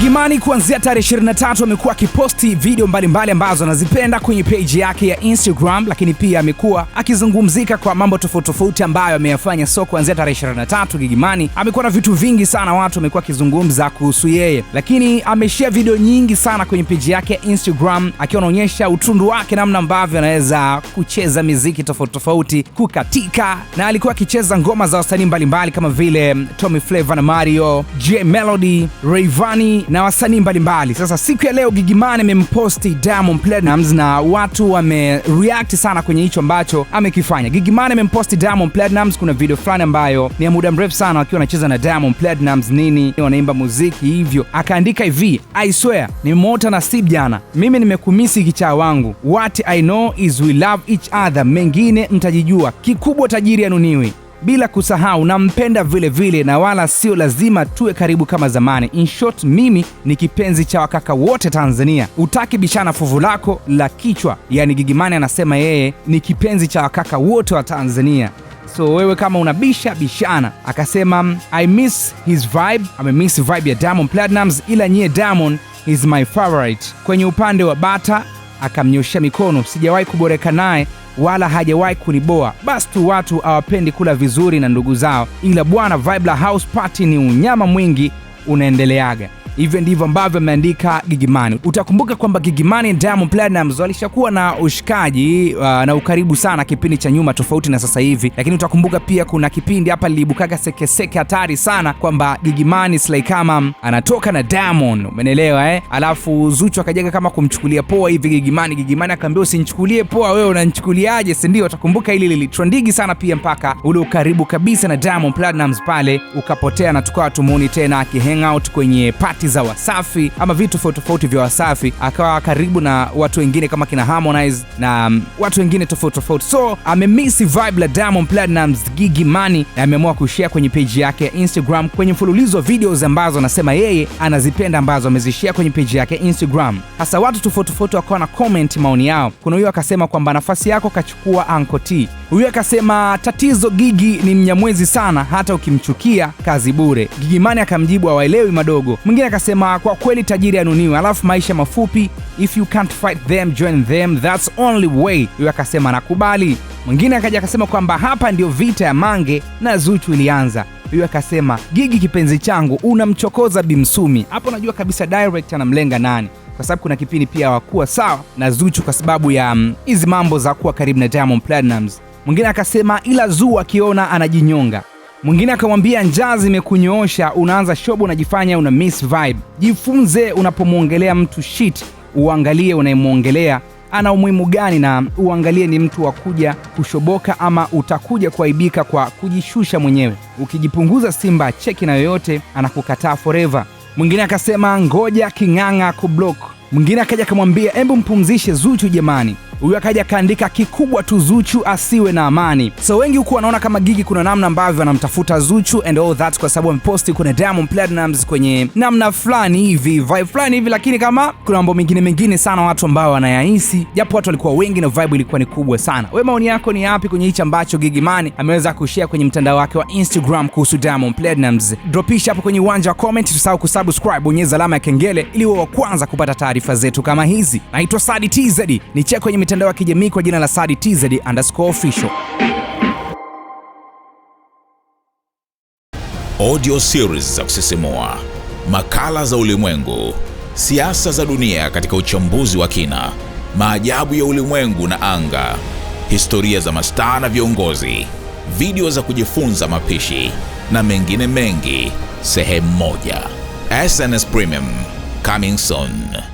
Gimani kuanzia tarehe 23 amekuwa akiposti video mbalimbali mbali ambazo anazipenda kwenye peji yake ya Instagram, lakini pia amekuwa akizungumzika kwa mambo tofauti tofauti ambayo ameyafanya. So kuanzia tarehe 23 Gigimani amekuwa na vitu vingi sana, watu wamekuwa akizungumza kuhusu yeye, lakini ameshare video nyingi sana kwenye peji yake ya Instagram akiwa anaonyesha utundu wake, namna ambavyo anaweza kucheza miziki tofauti tofauti, kukatika, na alikuwa akicheza ngoma za wasanii mbalimbali kama vile Tommy Flavor na Mario, J Melody, Rayvanny na wasanii mbalimbali. Sasa siku ya leo Gigimani amemposti Diamond Platnumz na watu wamereact sana kwenye hicho ambacho amekifanya. Gigimani amemposti Diamond Platnumz, kuna video fulani ambayo ni ya muda mrefu sana wakiwa anacheza na Diamond Platnumz nini, wanaimba muziki hivyo, akaandika hivi, I swear nimeota na Steve jana, mimi nimekumisi kichaa wangu, what I know is we love each other, mengine mtajijua, kikubwa tajiri anuniwi bila kusahau nampenda vile vile, na wala sio lazima tuwe karibu kama zamani. In short, mimi ni kipenzi cha wakaka wote Tanzania, utaki bishana fuvu lako la kichwa. Yani Gigimani anasema yeye ni kipenzi cha wakaka wote wa Tanzania. So wewe kama unabisha bishana. Akasema I miss his vibe, ame miss vibe ya Diamond platinums ila nyie Diamond is my favorite. Kwenye upande wa bata akamnyoshea mikono. Sijawahi kuboreka naye wala hajawahi kuniboa, basi tu watu hawapendi kula vizuri na ndugu zao. Ila bwana, vibla House Party ni unyama mwingi unaendeleaga. Hivyo ndivyo ambavyo ameandika Gigimani. Utakumbuka kwamba Gigimani Diamond Platnumz walishakuwa na ushikaji uh, na ukaribu sana kipindi cha nyuma, tofauti na sasa hivi, lakini utakumbuka pia kuna kipindi hapa liliibukaga sekeseke hatari sana kwamba Gigimani slaikama anatoka na Diamond, umenelewa eh? Alafu Zuchu akajaga kama kumchukulia poa hivi Gigimani. Gigimani akaambia usinchukulie poa wewe, unanchukuliaje sindio Utakumbuka hili lilitrendigi sana pia, mpaka ule ukaribu kabisa na Diamond Platnumz pale ukapotea na tukawa tumuoni tena akihangout kwenye party harakati za Wasafi ama vitu tofauti tofauti vya Wasafi, akawa karibu na watu wengine kama kina Harmonize na um, watu wengine tofauti tofauti, so amemisi vibe la Diamond platinums Gigi mani na ameamua kushare kwenye page yake ya Instagram kwenye mfululizo wa videos ambazo anasema yeye anazipenda ambazo amezishare kwenye page yake ya Instagram. Hasa watu tofauti tofauti wakawa na comment maoni yao. Kuna huyo akasema kwamba nafasi yako kachukua Uncle T. Huyo akasema tatizo Gigi ni mnyamwezi sana, hata ukimchukia kazi bure. Gigi akamjibu awaelewi madogo. Mwingine akasema kwa kweli tajiri anuniwe, alafu maisha mafupi, if you can't fight them join them, that's only way. Huyo akasema nakubali. Mwingine akaja akasema kwamba hapa ndio vita ya Mange na Zuchu ilianza. Huyo akasema Gigi kipenzi changu, unamchokoza Bimsumi hapo. Unajua kabisa direct anamlenga nani, kwa sababu kuna kipindi pia wakuwa sawa na Zuchu kwa sababu ya mm, hizi mambo za kuwa karibu na Diamond Platnumz. Mwingine akasema ila Zuu akiona anajinyonga Mwingine akamwambia njaa zimekunyoosha, unaanza shobo, unajifanya una miss vibe. Jifunze unapomwongelea mtu shit, uangalie unayemwongelea ana umuhimu gani, na uangalie ni mtu wa kuja kushoboka ama utakuja kuaibika kwa kujishusha mwenyewe. Ukijipunguza simba cheki na yoyote anakukataa foreva Mwingine akasema ngoja king'ang'a kublok Mwingine akaja akamwambia embu mpumzishe Zuchu jamani huyu akaja kaandika kikubwa tu Zuchu asiwe na amani. So wengi huku wanaona kama Gigi kuna namna ambavyo anamtafuta Zuchu and all that, kwa sababu ameposti kuna Diamond Platnumz kwenye namna fulani hivi vibe fulani hivi, lakini kama kuna mambo mengine mengine sana watu ambao wanayahisi, japo watu walikuwa wengi na vibe ilikuwa ni kubwa sana. We, maoni yako ni yapi kwenye hichi ambacho gigi mani ameweza kushare kwenye mtandao wake wa Instagram kuhusu Diamond Platnumz? Dropisha hapo kwenye uwanja wa comment, tusahau kusubscribe, bonyeza alama ya kengele ili uwe wa kwanza kupata taarifa zetu kama hizi. Naitwa Sadi TZ, nicheke kwenye mitandao ya kijamii kwa jina la Sadi TZ underscore official. Audio series za kusisimua, makala za ulimwengu, siasa za dunia katika uchambuzi wa kina, maajabu ya ulimwengu na anga, historia za mastaa na viongozi, video za kujifunza mapishi na mengine mengi, sehemu moja. SNS Premium coming soon.